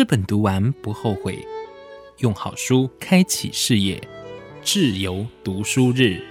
這本讀完不後悔，用好書開啟事業，智由讀書日。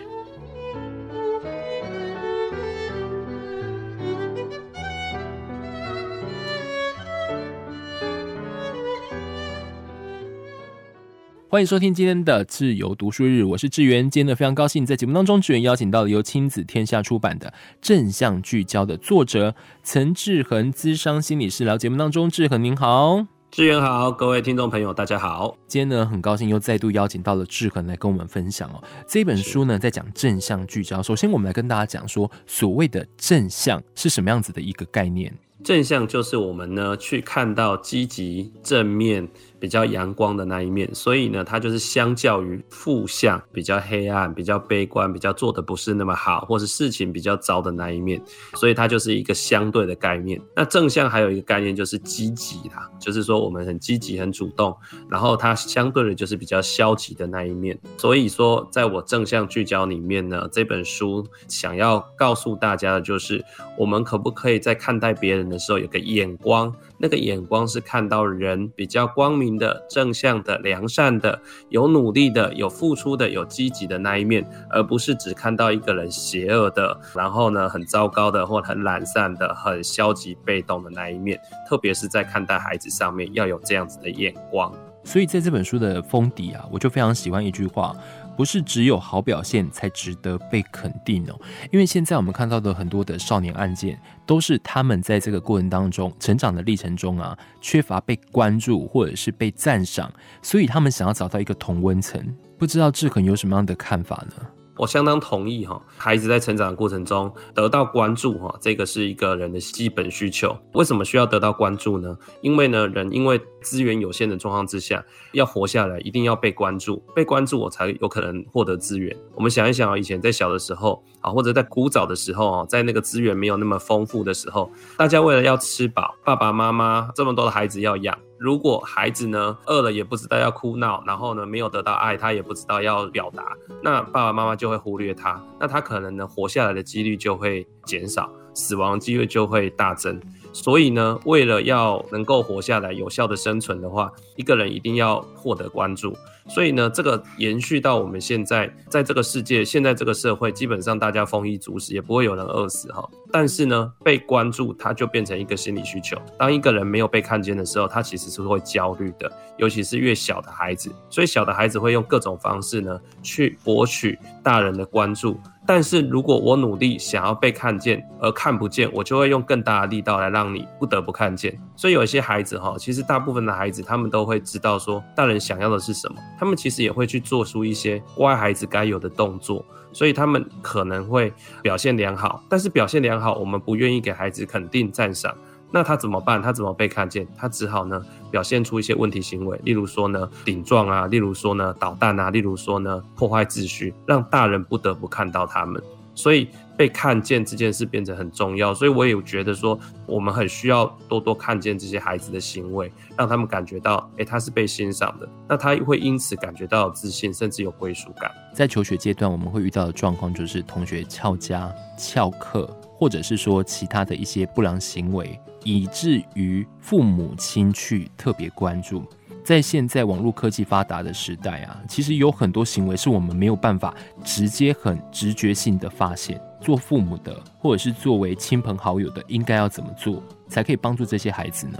歡迎收聽今天的智由讀書日，我是志源，今天呢非常高興在節目當中，志源邀請到了由親子天下出版的《正向聚焦》的作者陳志恆，諮商心理師。來到節目當中，志恆您好。志遠好，各位聽眾朋友，大家好。今天呢，很高興又再度邀請到了志恆來跟我們分享哦。這本書呢，是在講正向聚焦。首先，我們來跟大家講說，所謂的正向是什麼樣子的一個概念？正向就是我們呢，去看到積極正面。比較陽光的那一面，所以呢，它就是相較於負向比較黑暗、比較悲觀、比較做的不是那麼好，或是事情比較糟的那一面，所以它就是一個相對的概念。那正向還有一個概念就是積極啦，就是說我們很積極、很主動，然後它相對的就是比較消極的那一面。所以說，在我正向聚焦裡面呢，這本書想要告訴大家的就是，我們可不可以在看待別人的時候有個眼光，那個眼光是看到人比較光明的、正向的、良善的、有努力的、有付出的、有積極的那一面，而不是只看到一個人邪惡的，然後呢，很糟糕的或很懶散的、很消極被動的那一面。特別是在看待孩子上面要有這樣子的眼光。所以在這本書的封底啊，我就非常喜歡一句話。不是只有好表現才值得被肯定哦，因為現在我們看到的很多的少年案件，都是他們在這個過程當中成長的歷程中啊，缺乏被關注或者是被讚賞，所以他們想要找到一個同溫層。不知道志恆有什麼樣的看法呢？我相當同意哈，孩子在成長的過程中得到關注哈，這個是一個人的基本需求。為什麼需要得到關注呢？因為呢，人因為資源有限的狀況之下，要活下來一定要被關注，被關注我才有可能獲得資源。我們想一想哦，以前在小的時候啊，或者在古早的時候啊，在那個資源沒有那麼豐富的時候，大家為了要吃飽，爸爸媽媽這麼多的孩子要養。如果孩子呢，餓了也不知道要哭鬧，然後呢，沒有得到愛，他也不知道要表達，那爸爸媽媽就會忽略他，那他可能呢，活下來的幾率就會減少。死亡幾率就會大增，所以呢，為了要能夠活下來、有效的生存的話，一個人一定要獲得關注。所以呢，這個延續到我們現在，在這個世界，現在這個社會，基本上大家豐衣足食，也不會有人餓死哈。但是呢，被關注，它就變成一個心理需求。當一個人沒有被看見的時候，他其實是會焦慮的，尤其是越小的孩子。所以，小的孩子會用各種方式呢，去博取大人的關注。但是如果我努力想要被看見而看不見，我就會用更大的力道來讓你不得不看見。所以有一些孩子哈，其實大部分的孩子他們都會知道說大人想要的是什麼，他們其實也會去做出一些乖孩子該有的動作，所以他們可能會表現良好。但是表現良好，我們不願意給孩子肯定讚賞。那他怎麼辦？他怎麼被看見？他只好呢表現出一些問題行為，例如說呢頂撞啊，例如說呢搗蛋啊，例如說呢破壞秩序，讓大人不得不看到他們。所以被看見這件事變成很重要。所以我也覺得說，我們很需要多多看見這些孩子的行為，讓他們感覺到，誒、欸，他是被欣賞的。那他會因此感覺到有自信，甚至有歸屬感。在求學階段，我們會遇到的狀況就是同學翹家、翹課。或者是說其他的一些不良行為，以至於父母親去特別關注。在現在網絡科技發達的時代啊，其實有很多行為是我們沒有辦法直接很直覺性的發現。做父母的，或者是作為親朋好友的，應該要怎麼做，才可以幫助這些孩子呢？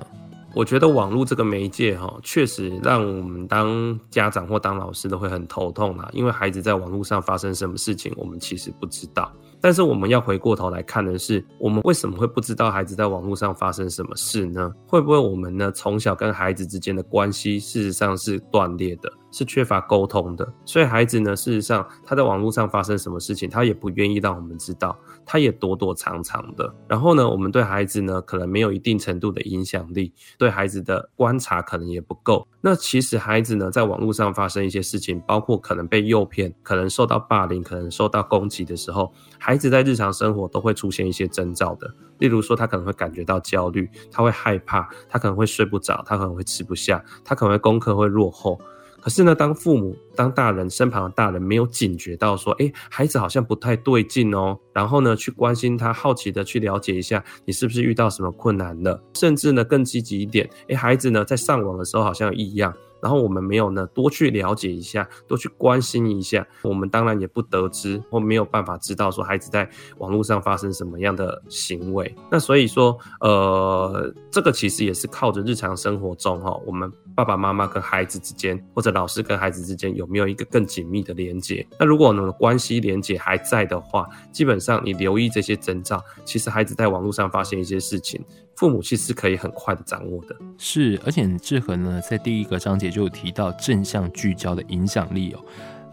我覺得網絡這個媒介哈、哦，確實讓我們當家長或當老師的會很頭痛啊，因為孩子在網絡上發生什麼事情，我們其實不知道。但是我們要回過頭來看的是，我們為什麼會不知道孩子在網絡上發生什麼事呢？會不會我們呢，從小跟孩子之間的關係，事實上是斷裂的，是缺乏溝通的。所以孩子呢，事實上他在網絡上發生什麼事情，他也不願意讓我們知道，他也躲躲藏藏的。然後呢，我們對孩子呢，可能沒有一定程度的影響力，對孩子的觀察可能也不夠。那其實孩子呢，在網絡上發生一些事情，包括可能被誘騙，可能受到霸凌，可能受到攻擊的時候，孩子在日常生活都會出現一些徵兆的。例如說，他可能會感覺到焦慮，他會害怕，他可能會睡不着，他可能會吃不下，他可能會功課會落後。可是呢，當父母、當大人、身旁的大人沒有警覺到說，哎，孩子好像不太對勁哦，然後呢，去關心他，好奇的去了解一下，你是不是遇到什麼困難了？甚至呢，更積極一點，哎，孩子呢，在上網的時候好像有異樣。然後我們沒有呢，多去了解一下，多去關心一下。我們當然也不得知，或沒有辦法知道說孩子在網絡上發生什麼樣的行為。那所以說，呃，這個其實也是靠着日常生活中哈、哦，我們爸爸媽媽跟孩子之間，或者老師跟孩子之間有沒有一個更緊密的連接。那如果我們的關係連接還在的話，基本上你留意這些徵兆，其實孩子在網絡上發生一些事情。父母其實可以很快的掌握的，是，而且志恆呢，在第一個章節就有提到正向聚焦的影響力哦。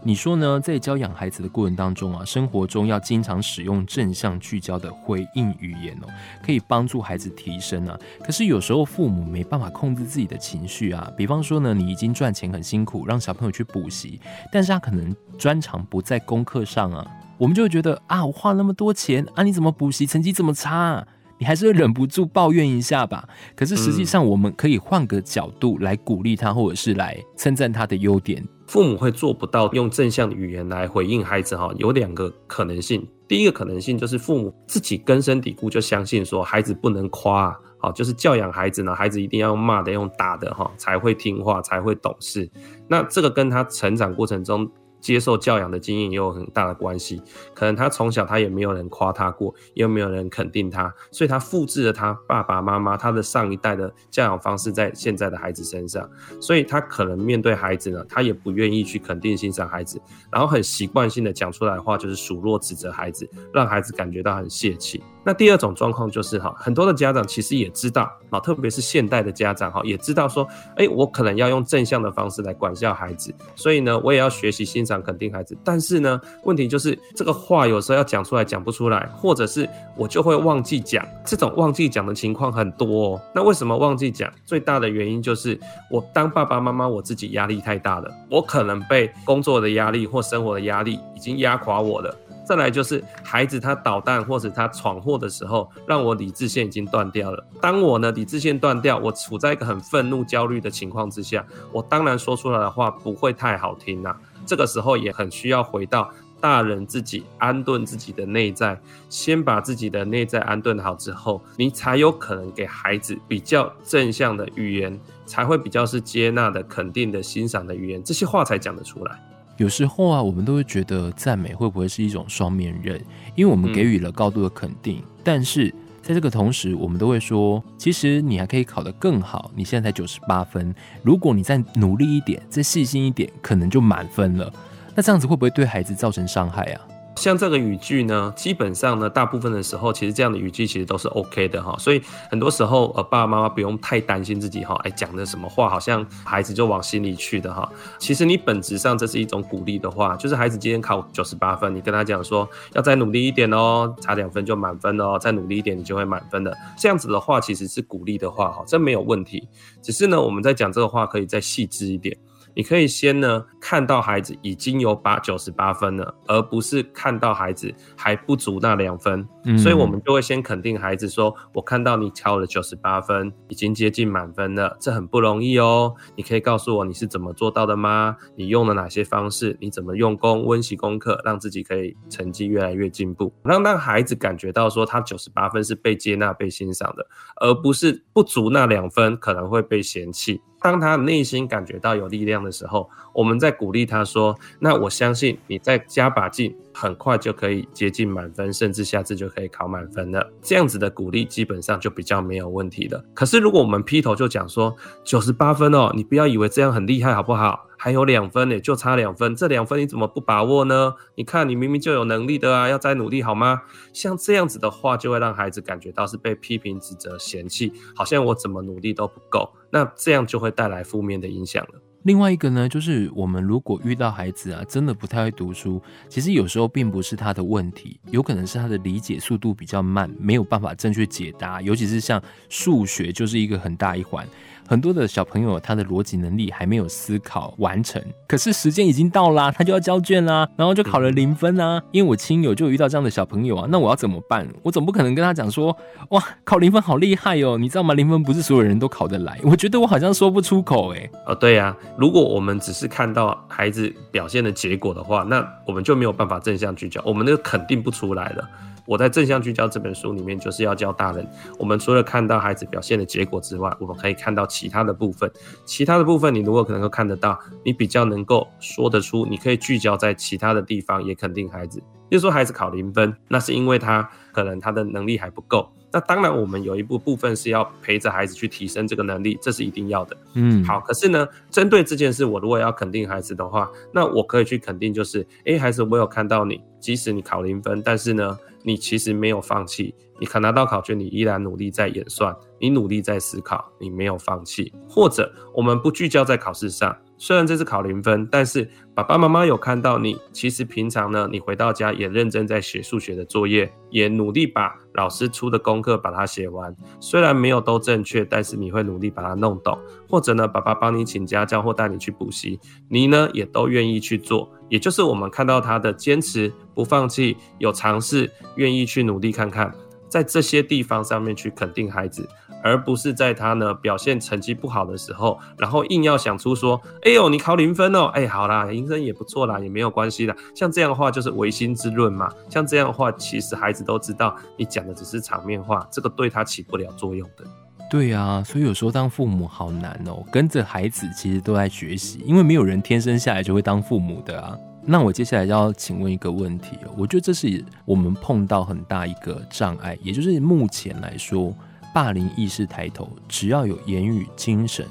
你說呢？在教養孩子的過程當中啊，生活中要經常使用正向聚焦的回應語言哦，可以幫助孩子提升啊。可是有時候父母沒辦法控制自己的情緒啊，比方說呢，你已經賺錢很辛苦，讓小朋友去補習，但是他可能專長不在功課上啊，我們就會覺得啊，我花那麼多錢啊，你怎麼補習成績這麼差啊？你還是會忍不住抱怨一下吧？可是實際上我們可以換個角度來鼓勵他，或者是來稱讚他的優點。父母會做不到用正向的語言來回應孩子哈，有兩個可能性。第一個可能性就是父母自己根深蒂固就相信說孩子不能誇，好，就是教養孩子呢，孩子一定要用罵的、用打的，哈，才會聽話，才會懂事。那這個跟他成長過程中。接受教養的經驗也有很大的關係，可能他從小他也沒有人誇他過，也沒有人肯定他，所以他複製了他爸爸媽媽他的上一代的教養方式在現在的孩子身上，所以他可能面對孩子呢，他也不願意去肯定欣賞孩子，然後很習慣性的講出來的話就是數落指責孩子，讓孩子感覺到很洩氣。那第二種狀況就是哈，很多的家長其實也知道啊，特別是現代的家長哈，也知道說，哎，我可能要用正向的方式來管教孩子，所以呢，我也要學習欣賞。肯定孩子，但是呢，問題就是這個話有時候要講出來講不出來，或者是我就會忘記講。這種忘記講的情況很多哦。那為什麼忘記講？最大的原因就是我當爸爸媽媽，我自己壓力太大了。我可能被工作的壓力或生活的壓力已經壓垮我了。再來就是孩子他搗蛋或者他闖禍的時候，讓我理智線已經斷掉了。當我呢理智線斷掉，我處在一個很憤怒、焦慮的情況之下，我當然說出來的話不會太好聽啦、啊。這個時候也很需要回到大人自己安頓自己的內在，先把自己的內在安頓好之後，你才有可能給孩子比較正向的語言，才會比較是接納的、肯定的、欣賞的語言，這些話才講得出來。有時候啊，我們都會覺得讚美會不會是一種雙面刃？因為我們給予了高度的肯定，嗯，但是。在這個同時，我們都會說，其實你還可以考得更好。你現在才九十八分，如果你再努力一點，再細心一點，可能就滿分了。那這樣子會不會對孩子造成傷害啊？像這個語句呢，基本上呢，大部分的時候，其實這樣的語句其實都是 OK 的哈。所以很多時候，呃，爸爸媽媽不用太擔心自己哈，哎，講的什麼話，好像孩子就往心裡去的哈。其實你本質上這是一種鼓勵的話，就是孩子今天考九十八分，你跟他講說，要再努力一點哦，差兩分就滿分哦，再努力一點你就會滿分的。這樣子的話其實是鼓勵的話哈，這沒有問題。只是呢，我們在講這個話可以再細緻一點。你可以先呢，看到孩子已經有八九十八分了，而不是看到孩子還不足那兩分。嗯嗯，所以我們就會先肯定孩子說：“我看到你考了九十八分，已經接近滿分了，這很不容易哦。”你可以告訴我你是怎麼做到的嗎？你用了哪些方式？你怎麼用功溫習功課，讓自己可以成績越來越進步？讓讓孩子感覺到說他九十八分是被接納、被欣賞的，而不是不足那兩分可能會被嫌棄。當他內心感覺到有力量的時候，我們在鼓勵他說：“那我相信你再加把勁，很快就可以接近滿分，甚至下次就可以考滿分了。”這樣子的鼓勵基本上就比較沒有問題了。可是如果我們劈頭就講說“九十八分哦”，你不要以為這樣很厲害，好不好？還有兩分，也就差兩分，這兩分你怎麼不把握呢？你看，你明明就有能力的啊，要再努力好嗎？像這樣子的話，就會讓孩子感覺到是被批評、指責、嫌棄，好像我怎麼努力都不夠，那這樣就會帶來負面的影響了。另外一個呢，就是我們如果遇到孩子啊，真的不太會讀書，其實有時候並不是他的問題，有可能是他的理解速度比較慢，沒有辦法正確解答，尤其是像數學，就是一個很大一環。很多的小朋友，他的邏輯能力還沒有思考完成，可是時間已經到啦，他就要交卷啦、啊，然後就考了零分啦、啊。因為我親友就遇到這樣的小朋友啊，那我要怎麼辦？我總不可能跟他講說，哇，考零分好厲害哦，你知道嗎？零分不是所有人都考得來。我覺得我好像說不出口哎、欸。哦，對啊，如果我們只是看到孩子表現的結果的話，那我們就沒有辦法正向聚焦，我們那個肯定不出來的。我在正向聚焦這本書裡面就是要教大人，我們除了看到孩子表現的結果之外，我們可以看到。其他的部分，其他的部分，你如果可能夠看得到，你比較能夠說得出，你可以聚焦在其他的地方，也肯定孩子。比如說孩子考零分，那是因為他可能他的能力還不夠。那當然，我們有一部部分是要陪着孩子去提升這個能力，這是一定要的。嗯，好。可是呢，針對這件事，我如果要肯定孩子的話，那我可以去肯定，就是哎、欸，孩子，我有看到你，即使你考零分，但是呢。你其實沒有放棄，你可拿到考卷，你依然努力在演算，你努力在思考，你沒有放棄。或者，我們不聚焦在考試上。雖然這次考零分，但是爸爸媽媽有看到你。其實平常呢，你回到家也認真在寫數學的作業，也努力把老師出的功課把它寫完。雖然沒有都正確，但是你會努力把它弄懂。或者呢，爸爸幫你請家教或帶你去補習，你呢也都願意去做。也就是我們看到他的堅持、不放棄、有嘗試、願意去努力看看，在這些地方上面去肯定孩子。而不是在他呢表現成績不好的時候，然後硬要想出說：“哎、欸、呦，你考零分哦？哎、欸，好啦，零分也不錯啦，也沒有關係啦。像這樣的話就是違心之論嘛。像這樣的話，其實孩子都知道你講的只是場面話，這個對他起不了作用的。對啊，所以有時候當父母好難哦、喔。跟着孩子其實都在學習，因為沒有人天生下來就會當父母的啊。那我接下來要請問一個問題、喔，我覺得這是我們碰到很大一個障礙，也就是目前來說。霸凌意識抬頭，只要有言語、精神，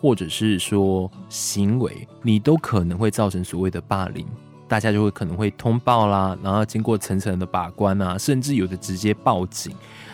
或者是說行為，你都可能會造成所謂的霸凌，大家就會可能會通報啦，然後經過層層的把關啊，甚至有的直接報警。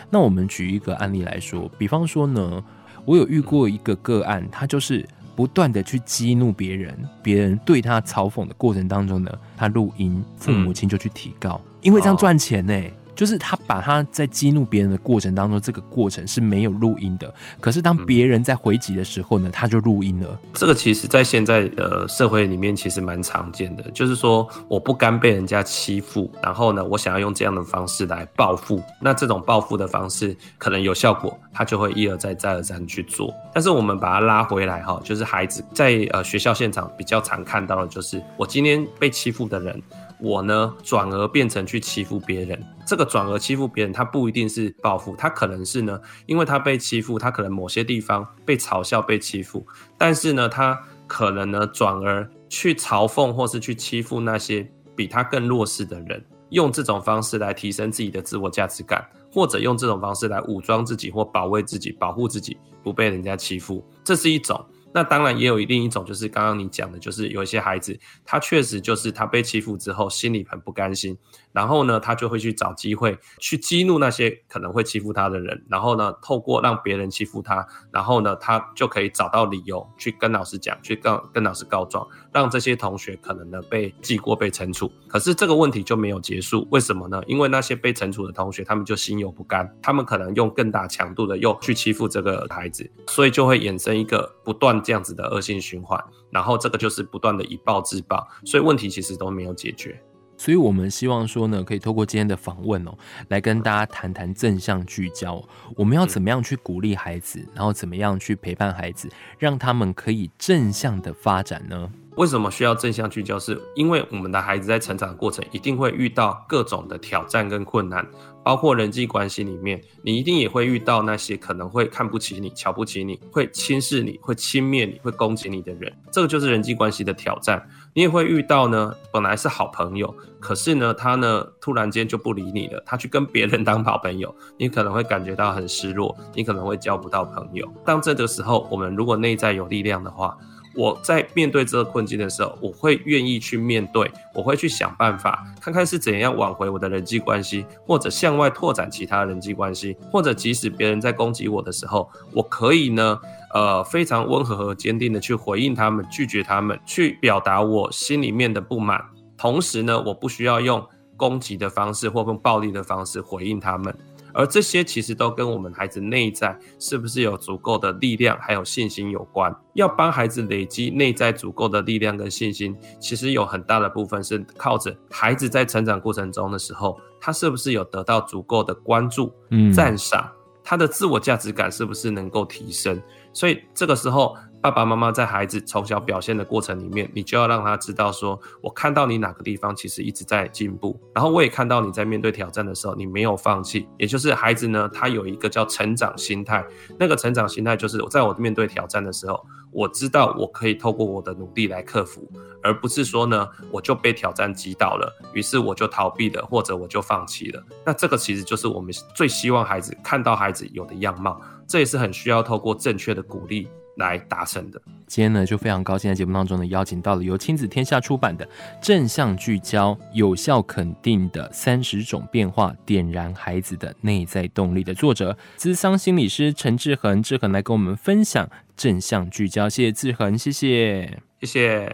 那我們舉一個案例來說，比方說呢，我有遇過一個個案，他就是不斷的去激怒別人，別人對他嘲諷的過程當中呢，他錄音，父母親就去提告，嗯、因為這樣賺錢呢、欸。嗯嗯就是他把他在激怒別人的過程當中，這個過程是沒有錄音的。可是當別人在回擊的時候呢，嗯，他就錄音了。這個其實，在現在的社會裡面，其實蠻常見的。就是說，我不甘被人家欺負，然後呢，我想要用這樣的方式來報復。那這種報復的方式可能有效果，他就會一而再，再而三去做。但是我們把他拉回來哈，就是孩子在呃學校現場比較常看到的，就是我今天被欺負的人。我呢，轉而變成去欺負別人。這個轉而欺負別人，他不一定是報復，他可能是呢，因為他被欺負，他可能某些地方被嘲笑、被欺負，但是呢，他可能呢，轉而去嘲諷或是去欺負那些比他更弱勢的人，用這種方式來提升自己的自我價值感，或者用這種方式來武裝自己或保衛自己，保護自己不被人家欺負。這是一種。那當然也有另一種，就是剛剛你講的，就是有一些孩子，他確實就是他被欺負之後心裡很不甘心，然後呢，他就會去找機會去激怒那些可能會欺負他的人，然後呢，透過讓別人欺負他，然後呢，他就可以找到理由去跟老師講，去告跟老師告狀，讓這些同學可能呢被記過被懲處。可是這個問題就沒有結束，為什麼呢？因為那些被懲處的同學，他們就心有不甘，他們可能用更大強度的又去欺負這個孩子，所以就會衍生一個不斷。這樣子的惡性循環，然後這個就是不斷的以暴制暴，所以問題其實都沒有解決。所以我們希望說呢，可以透過今天的訪問哦，來跟大家談談正向聚焦，我們要怎麼樣去鼓勵孩子，然後怎麼樣去陪伴孩子，讓他們可以正向的發展呢？為什麼需要正向聚焦？是因為我們的孩子在成長的過程一定會遇到各種的挑戰跟困難，包括人際關係裡面，你一定也會遇到那些可能會看不起你、瞧不起你、會輕視你、會輕蔑你、會攻擊你的人，這個就是人際關係的挑戰。你也會遇到呢，本來是好朋友，可是呢，他呢突然間就不理你了，他去跟別人當好朋友，你可能會感覺到很失落，你可能會交不到朋友。當這個時候，我們如果內在有力量的話，我在面對這個困境的時候，我會願意去面對，我會去想辦法，看看是怎樣挽回我的人際關係，或者向外拓展其他人際關係，或者即使別人在攻擊我的時候，我可以呢，呃，非常溫和和堅定的去回應他們，拒絕他們，去表達我心裡面的不滿，同時呢，我不需要用攻擊的方式或用暴力的方式回應他們。而這些其實都跟我們孩子內在是不是有足夠的力量還有信心有關。要幫孩子累積內在足夠的力量跟信心，其實有很大的部分是靠着孩子在成長過程中的時候，他是不是有得到足夠的關注、贊賞，他的自我價值感是不是能夠提升。所以這個時候。爸爸媽媽在孩子從小表現的過程裡面，你就要讓他知道，說我看到你哪個地方其實一直在進步，然後我也看到你在面對挑戰的時候，你沒有放棄。也就是孩子呢，他有一個叫成長心態，那個成長心態就是，在我面對挑戰的時候，我知道我可以透過我的努力來克服，而不是說呢，我就被挑戰擊倒了，於是我就逃避了，或者我就放棄了。那這個其實就是我們最希望孩子看到孩子有的樣貌，這也是很需要透過正確的鼓勵。來達成的。今天呢，就非常高興在節目當中呢，邀請到了由親子天下出版的《正向聚焦：有效肯定的三十種變化，點燃孩子的內在動力》的作者，諮商心理師陳志恆。志恆來跟我們分享正向聚焦，謝謝志恆，謝謝，謝謝。